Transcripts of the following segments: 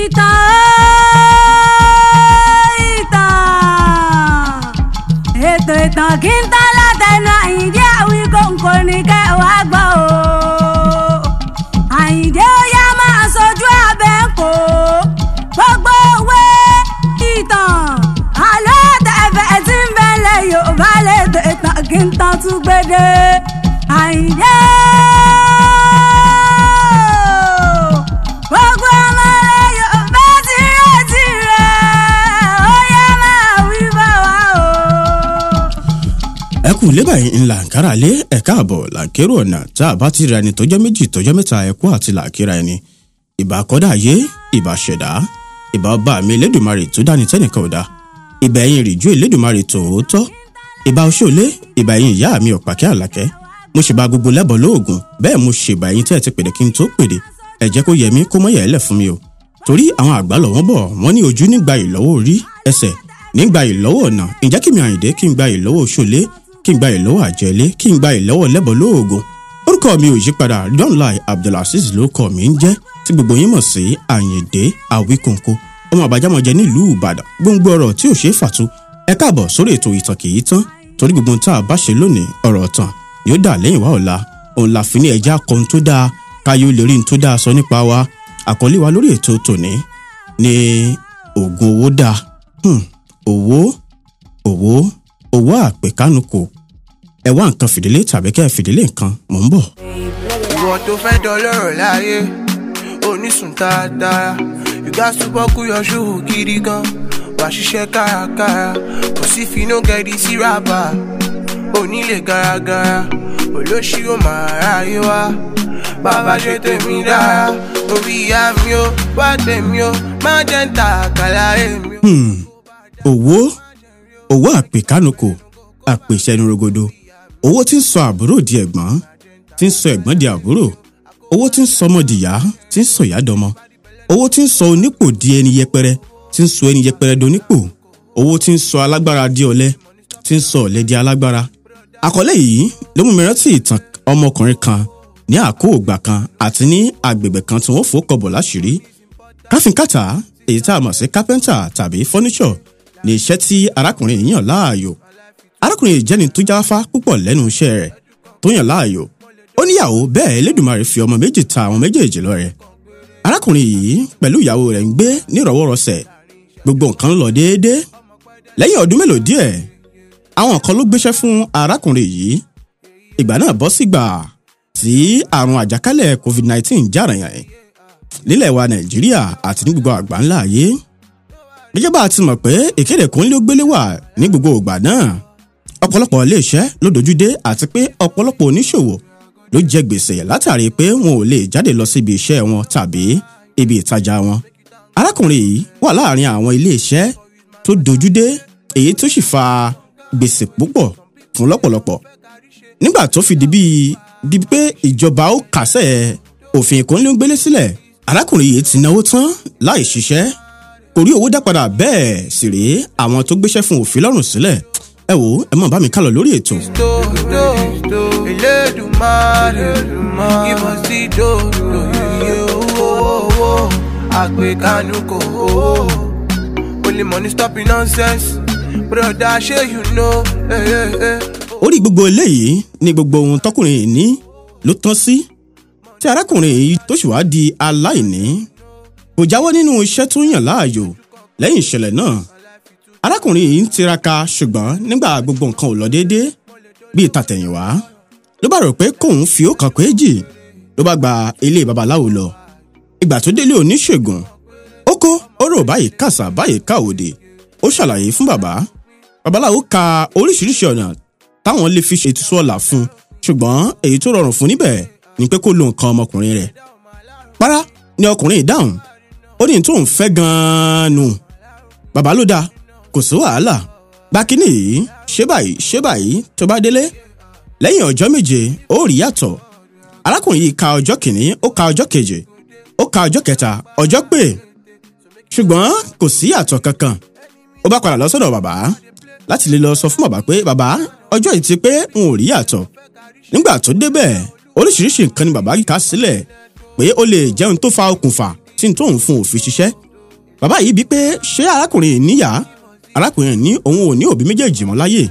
Ita, ita, ètò ìtàn kí n tán látẹnu Àyìndé Àwíkòǹkò ní kẹ́ wá gbọ́ o. Àyìndé ó yá máa sojú abẹ́ ń kó gbogbo òwe ìtàn àlọ́ tẹ̀fẹ̀ tí ń bẹ̀lẹ̀ Yorùbá lè tètè kí n tán tún gbédè Àyìndé. kùlé báyìí ńlá àǹkárá lé ẹ̀ka àbọ̀ làkérò ọ̀nà tá a bá ti ra ẹni tọjọ́ méjì tọjọ́ mẹ́ta ẹ̀kú àti làkíra ẹni ìbá kọ́dá ayé ìbá ṣẹ̀dá ìbá ọba mi elédùnmarè tó dání tẹ́nìkan ò dá ìbá ẹ̀yìn ìrìjú elédùnmarè tòótọ́ ìbá oṣòlé ìbá ẹ̀yìn ìyá mi ọ̀pàkẹ́ àlàkẹ́ mo ṣèbá gbogbo lẹ́bọ̀ lóògùn bẹ́ẹ̀ mo ṣèbá ẹ̀yìn tẹ́ ẹ ti pèdè kí n tó pèdè ẹ jẹ́ kó yẹ mí kí n gba ìlọ́wọ́ àjẹlé kí n gba ìlọ́wọ́ lẹ́bọ̀ lóògùn orúkọ mi ò yípadà Donlai Abdulazeez ló kọ mi ń jẹ́ tí gbogbo yín mọ̀ sí Àyìndé Àwíkòǹkò ọmọ àbájámọ̀jẹ nílùú Ìbàdàn gbogbo ọ̀rọ̀ tí ò ṣeé fàtu ẹ káàbọ̀ sórí ètò ìtàn kìí tán torí gbogbo tá a bá ṣe lónìí ọ̀rọ̀ tàn ni ó dà lẹ́yìn wá ọ̀la òun la fi ní ẹja kan tó dáa káyọ̀ lè rí n tó dáa sọ nípa wa àkọlé wa lórí ètò tòní ni oògùn owó dáa hmm, owó owó owó àpèkánu kò ẹ wá nǹkan fìdílé tàbí kẹ́ ẹ fìdílé nǹkan mò ń bọ̀. ìwọ tó fẹ́ dọlọ́rọ̀ láyé onísùn dáadáa ìgbà ṣùgbọ́kú yọjú gidi gan wà ṣiṣẹ́ kárakára kò sí finú gẹ̀ẹ́dì sí rábà onílé garagara olóṣìó máa ráyé wá bàbá ṣe tèmi dára orí ìyá mi ó wá tèmi ó má jẹ́ ń ta àkàlà èmi. owó hmm. owó àpèkánukò àpèsẹnurogodo owó tí ń sọ àbúrò di ẹ̀gbọ́n tí ń sọ ẹ̀gbọ́n di àbúrò owó tí ń sọ ọmọ dìyà tí ń sọ ìyá dọmọ owó tí ń sọ onípò di ẹni yẹpẹrẹ tí ń sọ ẹni yẹpẹrẹ donípò owó tí ń sọ alágbára di ọ̀lẹ tí ń sọ ọ̀lẹ di alágbára àkọlé yìí ló mú mi rántí ìtàn ọmọkùnrin kan ní àkóògbà kan àti ní agbègbè kan tí wọ́n fò kọbọ̀ láṣìírí káfíńkàtà èyí tá a mọ̀ sí kápẹ́ńtà arákùnrin ìjẹni tó jáfá púpọ̀ lẹ́nu iṣẹ́ rẹ̀ tó yàn láàyò ó níyàwó bẹ́ẹ̀ Elédùmarè fi ọmọ méjì ta àwọn méjèèjì lọ́rẹ arákùnrin yìí pẹ̀lú ìyàwó rẹ̀ ń gbé nírọ̀wọ́rọsẹ̀ gbogbo nǹkan lọ déédéé lẹ́yìn ọdún mélòó díẹ̀ àwọn kan ló gbéṣẹ́ fún arákùnrin yìí ìgbà náà bọ́ sígbà tí àrùn àjàkálẹ̀ COVID-19 jàràyàn nílẹ̀ wa Nàìjíríà àti ní gbogbo àgbáńlá ayé gẹ́gẹ́ bá a ti mọ̀ pé ìkéde kòńlé ó gbélé wà ní gbogbo ìgbà náà ọ̀pọ̀lọpọ̀ ilé iṣẹ́ ló dojúdé àti pé ọ̀pọ̀lọpọ̀ oníṣòwò ló jẹ gbèsè látàrí pé wọn ò lè jáde lọ síbi iṣẹ́ wọn tàbí ibi ìtajà wọn. arákùnrin yìí wà láàrin àwọn ilé iṣẹ́ tó dojúdé èyí tó sì fa gbèsè púpọ̀ fún lọ́pọ̀lọpọ̀. nígbà tó fi di bíi di pé ìjọba ó kásẹ̀ òfin ìkónílégbélé sílẹ̀ arákùnrin yìí ti náwó tán láì ṣiṣẹ́ kò rí owó dá padà bẹ́ẹ̀ sì rí àwọn tó gbéṣẹ́ fún òfin lọ́rùn sílẹ̀ ẹ wò ẹ mọ̀ bá mi kálọ̀ lórí ètò. orí gbogbo eléyìí ni gbogbo ohun tọkùnrin yìí ní ló tán sí tí arákùnrin yìí tó sì di aláìní kò jáwọ́ nínú iṣẹ́ tó yàn láàyò lẹ́yìn ìṣẹ̀lẹ̀ náà arákùnrin yìí ń tiraka ṣùgbọ́n nígbà gbogbo nǹkan ò lọ déédéé bíi tàtẹ̀yìnwá ló bá rò pé kóun fi ó kan péjì ló bá gba ilé babaláwo lọ ìgbà tó délé oníṣègùn ó kó ó rò báyìí kàṣà báyìí ká òde ó ṣàlàyé fún bàbá babaláwo ka oríṣiríṣi ọ̀nà táwọn lè fi ṣètùtù ọ̀la fún ṣùgbọ́n èyí tó rọrùn fún níbẹ̀ ni pé kó lo nǹkan ọmọkùnrin rẹ̀ para ni ọkùnrin ìdáhùn ó ní tóun fẹ́ gan-an nù bàbá ló dáa kò sí wàhálà gba kínní yìí ṣé báyìí ṣé báyìí tó bá délé lẹ́yìn ọjọ́ méje ó rí yàtọ̀ arákùnrin yìí ka ọjọ́ kìíní ó ka ọjọ́ keje ó ka ọjọ́ kẹta ọjọ́ pé ṣùgbọ́n kò sí àtọ̀ kankan ó bá padà lọ sọ́dọ̀ bàbá láti lè lọ sọ fún bàbá pé bàbá ọjọ́ yìí ti pé n ò rí àtọ̀ nígbà tó débẹ̀ oríṣiríṣi nǹkan ni bàbá yìí kà sílẹ̀ pé ó lè jẹun tó fa okùnfà tí n tóun fún òfin ṣiṣẹ́ bàbá yìí bí pé ṣé arákùnrin yìí níyà arákùnrin ní òun ò ní òbí méjèèjì mọ́ láyé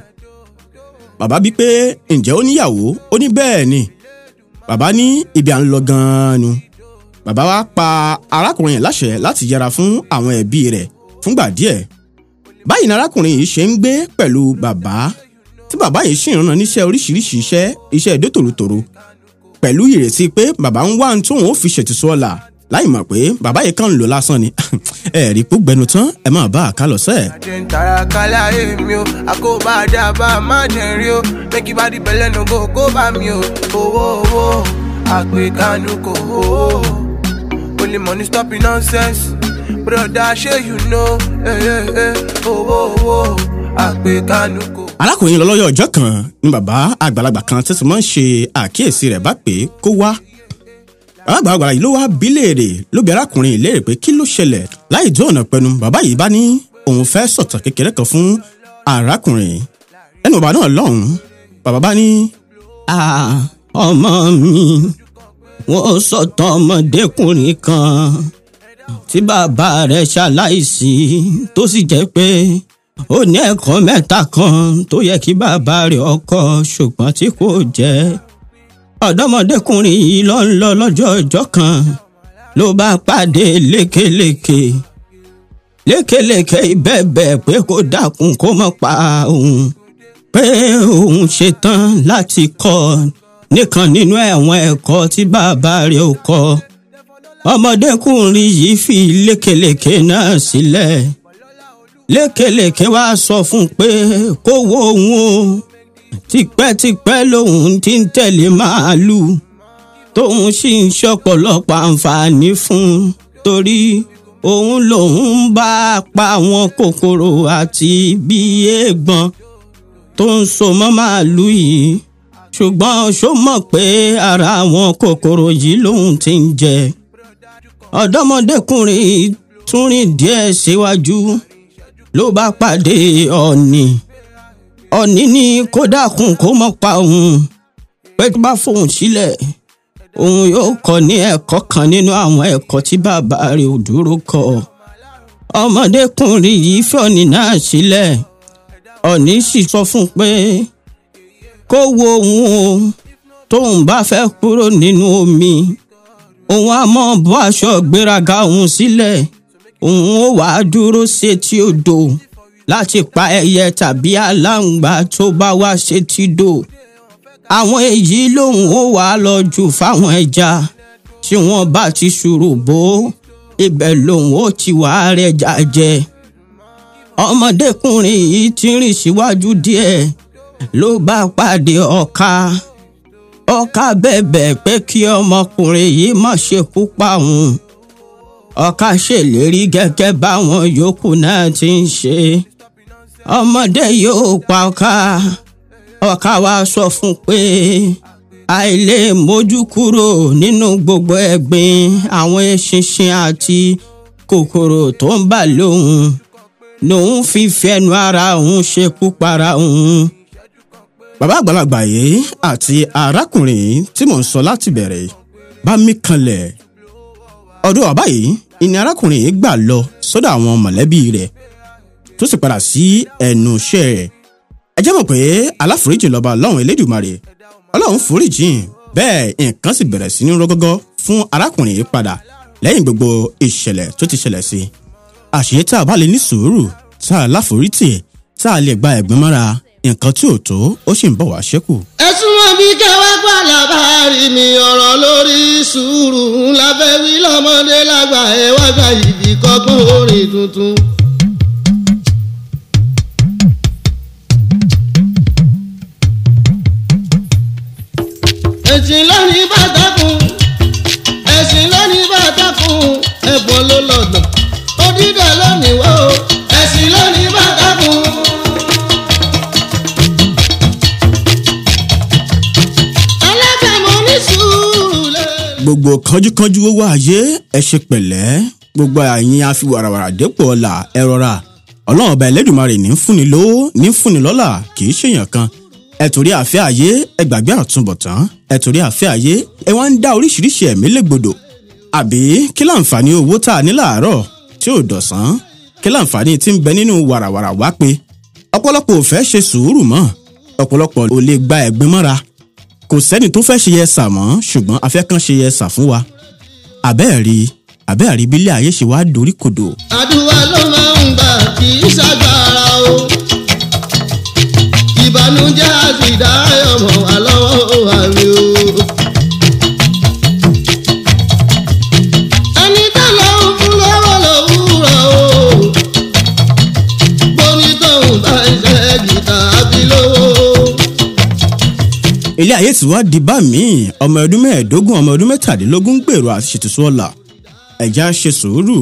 bàbá bí pé ǹjẹ́ ó níyàwó ó ní bẹ́ẹ̀ ni bàbá ní ibi à ń lọ gan-an nu bàbá wa pa arákùnrin yẹn láṣẹ láti yẹra fún àwọn ẹbí rẹ̀ fúngbà díẹ̀ báyìí ni arákùnrin yìí ṣe ń gbé pẹ̀lú bàbá tí bàbá yìí sì ń rán níṣẹ́ oríṣiríṣi iṣẹ́ iṣẹ́ dótòrótòró pẹ̀lú ìrètí pé bàbá ń wá ohun tóun ó fi ṣètùsọ́ ọ̀la láì mọ̀ pé bàbá yìí kàn lò lásán ni ẹ rí pé gbẹnu tán ẹ máa bá a ká lọ sẹ́ẹ̀. àjẹ ń tara kálẹ̀ ayé mi o àkó bá a dá a bá má jẹ rí o mẹ́kì bá di bẹ̀lẹ̀ nu kó kó bá mi o owó owó àgbè kò owó o lè mọ̀ ní stopping nonsense broda ṣé you know eh, eh, eh. owó owó àgbè kò. alákòóyìn lọ́lọ́yọ̀ ọjọ́ kan ni bàbá àgbàlagbà kan tẹ̀sán máa ń ṣe àkíyèsí rẹ̀ bá pé kó wá àgbàlagbà yìí ló wá bí léèrè ló bi arákùnrin léèrè pé kí ló ṣẹlẹ̀ láì jó ọ̀nà pẹnu bàbá yìí bá ní òun fẹ́ sọ̀tàn kékeré kan fún arákùnrin ẹnu bàbá náà lọ́hùn bàbá bá ní. ọmọ mi wọ́n sọ̀tàn ọmọdékùnrin kan tí bàbá rẹ̀ ṣaláìsí tó sì jẹ́ pé ó ní ẹ̀kọ́ mẹ́ta kan tó yẹ kí bàbá rẹ̀ ọkọ ṣùgbọ́n tí kò jẹ́ ọ̀dọ́mọdékùnrin yìí lọ ń lọ lọ́jọ́ ọjọ́ kan ló bá pàdé lékeleke lékeleke ìbẹ̀bẹ̀ pé kó dákun kó má pa òun pé òun ṣetán láti kọ́ nìkan nínú ẹ̀wọ̀n ẹ̀kọ́ tí bàbá rẹ̀ ò kọ́ ọmọdékùnrin yìí fi lékeleke náà sílẹ̀ lékeleke wá sọ fún un pé kó wo òun o tipẹ́tipẹ́ lòun ti ń tẹ̀lé màálù tóun sì ń ṣọ̀pọ̀lọpọ̀ àǹfààní fún un torí òun lòun bá pa àwọn kòkòrò àti bí eégbọn tó ń so mọ́ màálù yìí ṣùgbọ́n ṣó mọ̀ pé ara àwọn kòkòrò yìí lòun ti ń jẹ ọ̀dọ́mọdékùnrin tún rìn díẹ̀ síwájú ló bá pàdé ọ̀nì. Ọ̀ní ni kó dákun kó mọ̀ pa òun pé tó bá fòun sílẹ̀ òun yóò kọ́ ní ẹ̀kọ́ kan nínú àwọn ẹ̀kọ́ tí bàbá rẹ̀ ò dúró kọ́ ọmọdékùnrin yìí fi Ọ̀ní náà sílẹ̀ Ọ̀ní sì sọ fún pé kó wo òun o tóun bá fẹ́ kúrò nínú omi òun á mọ̀ bọ́ aṣọ ìgbéraga òun sílẹ̀ òun ó wàá dúró sétí odò láti pa ẹyẹ tàbí aláǹgbá tó bá wá ṣètìdò àwọn èyí lòun ó wà lọ jù fáwọn ẹja tí wọ́n bá ti ṣòro bò ó lòun ó ti wà rẹ jàjẹ ọmọdékùnrin yìí ti rìn síwájú díẹ̀ ló bá pàdé ọ̀ka ọ̀ka bẹ̀bẹ̀ pé kí ọmọkùnrin yìí má ṣekú pa òun ọ̀ka ṣèlérí gẹ́gẹ́ báwọn yòókù náà ti ń ṣe ọmọdé yóò pa ọ̀ka ọ̀ka wa sọ fún pé àìlè mójú kúrò nínú gbogbo ẹ̀gbin àwọn eṣinṣin àti kòkòrò tó ń bà lóhùn lòun fi fẹnu ara òun ṣekú para òun. bàbá àgbàlagbà yìí àti arákùnrin tí mò ń sọ láti bẹ̀rẹ̀ bá mi kanlẹ̀ ọ̀dọ̀ bàbá yìí arákùnrin yìí gbà lọ sọ́dọ̀ àwọn mọ̀lẹ́bí rẹ̀ tó sì padà sí ẹnu iṣẹ́ rẹ̀ ẹ jẹ́ mọ̀ pé aláforíjì lọ́ba ọlọ́run elédùmarè ọlọ́run foríjìn bẹ́ẹ̀ nǹkan sì bẹ̀rẹ̀ sí ní rọ́gọ́gọ́ fún arákùnrin yìí padà lẹ́yìn gbogbo ìṣẹ̀lẹ̀ tó ti ṣẹlẹ̀ sí i àṣìyẹ tá a bá lè ní sùúrù tá a láforítì tá a lè gba ẹ̀gbọ́n mọ́ra nǹkan tí ò tó ó sì ń bọ̀ wá ṣẹ́kù. ẹ súnmọ́ bí kẹwàá gbà lábàárì mi ọ̀rọ̀ lórí sùúrù ńlá lọ́mọdé lágbà ẹ̀ wá gba ìdí kọ́gbọ́n orin tuntun. ẹ̀sìn lónìí bá dákun ẹ̀sìn lónìí bá dákun ẹ̀bùn ló lọ́dọ̀ ó dídà lónìí wá o ẹ̀sìn lónìí bá dákun. gbogbo kánjúkánjú owó ayé ẹ ṣe pẹ̀lẹ́ gbogbo àyìn àfi wàràwàrà dépò ọ̀la ẹ rọra ọlọ́run ọba ẹlẹ́dùnmarè ní fúnni lówó ní fúnni lọ́lá kì í ṣèyàn kan ẹ torí àfẹ́ ayé ẹ gbàgbé àtúbọ̀tán ẹ torí àfẹ́ ayé ẹ wá ń dá oríṣiríṣi ẹ̀mí légbodò àbí kí láǹfààní owó tá a ní làárọ̀ tí ò dọ̀sán kí láǹfààní tí ń bẹ nínú wàràwàrà wá pé ọ̀pọ̀lọpọ̀ ò fẹ́ ṣe sùúrù mọ́ ọ̀pọ̀lọpọ̀ ò lè gba ẹ̀gbin mọ́ra kò sẹ́ni tó fẹ́ ṣe yẹ sà mọ́ ṣùgbọ́n afẹ́kàn ṣe yẹ sà fún wa àbẹ́ẹ̀ rí àbẹ́ẹ̀ rí bílẹ̀ ayé ṣe wá dorí kodò. àdúrà ló máa ń gbà kì í ṣàgbára o ìbànújẹ́ àti ìdárayọ̀mọ̀ wa. ilé ayé tí wàá di bá mi ọmọ ọdún mẹ́ẹ̀ẹ́dógún ọmọ ọdún mẹ́tàdínlógún gbèrò àti ṣètùsù ọ̀la ẹ jẹ́ á ṣe sùúrù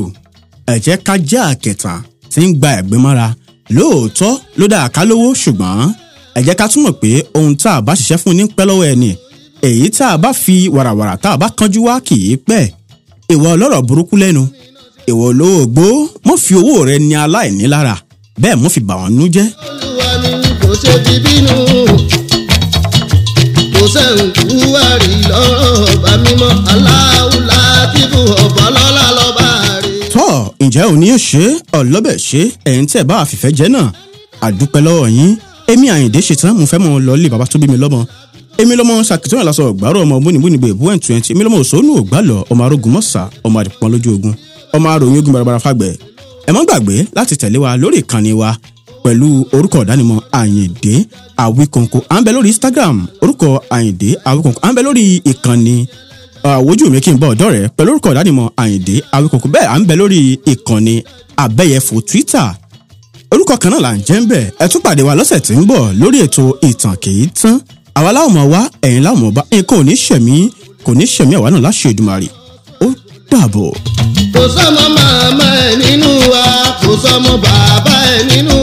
ẹ jẹ́ ká jẹ́ àkẹta tí ń gba ẹ̀gbẹ́ mọ́ra lóòótọ́ ló dá àkálówó ṣùgbọ́n ẹ jẹ́ ká túmọ̀ pé ohun tá a bá ṣiṣẹ́ fún ní pẹ́ lọ́wọ́ ẹni èyí tá a bá fi wàràwàrà tá a bá kánjú wá kì í pẹ́ ìwọ ọlọ́rọ̀ burúkú lẹ́nu ìwọ olówó gbó mọ́ fi owó rẹ ní aláìní lára bẹ́ẹ̀ mọ́ fi bà wọ́n nú jẹ́. olúwa mi kò ṣe ti bínú kò sẹ́ǹkú àrí lọ́rọ̀ ọba mímọ́ aláwùlá tí fún ọba lọ́la lọ́ba rẹ̀. tọ́ ǹjẹ́ òní ò ṣe ọlọ́bẹ̀ ṣe ẹ̀yìn tẹ̀ bá àfìfẹ́ jẹ́ náà àdúpẹ́ lọ́wọ́ yín èmi àyìndé ṣetán mo fẹ́ mọ lọ lé baba tó bí mi lọ́mọ èmi lọ́mọ ṣàkìtàn lásán ọ̀gbárò ọmọ bónibónibó èbú ẹ̀ twenty èmi lọ́mọ òṣòwò ògbàlọ̀ ọmọ arógun mọ́sà ọmọ àdìpọ́n lójú ogun ọmọ aróyìn ogun barabara fagbẹ̀ ẹ má gbàgbé láti tẹ̀lé wa lórí ìkànnì wa pẹ̀lú orúkọ ìdánimọ̀ àyìndé àwíkọ̀ǹkọ̀ à ń bẹ lórí instagram orúkọ àyìndé àwíkọ̀ǹkọ̀ à ń bẹ lórí ìkànnì àwójú mi kí n bọ ọ̀dọ́ rẹ̀ pẹ̀lú orúkọ ìdánimọ̀ àyìndé àwíkọ̀ǹkọ̀ bẹ́ẹ̀ à ń bẹ lórí ìkànnì àbẹ́yẹfò twitter orúkọ kan náà là ń jẹ́ ń bẹ̀ ẹ tún pàdé wa lọ́sẹ̀ tí ń bọ̀ lórí ètò ìtàn kìí tán àwa láwọn máa wá ẹ̀yin láwọn bá nǹkan ò ní ṣẹ̀mí kò ní ṣẹ̀mí àwa náà láṣẹ Èdùmàrè ó dàbọ̀. kò sọ́mọ màmá ẹ̀ nínú wa kò sọ́mọ bàbá ẹ̀ nínú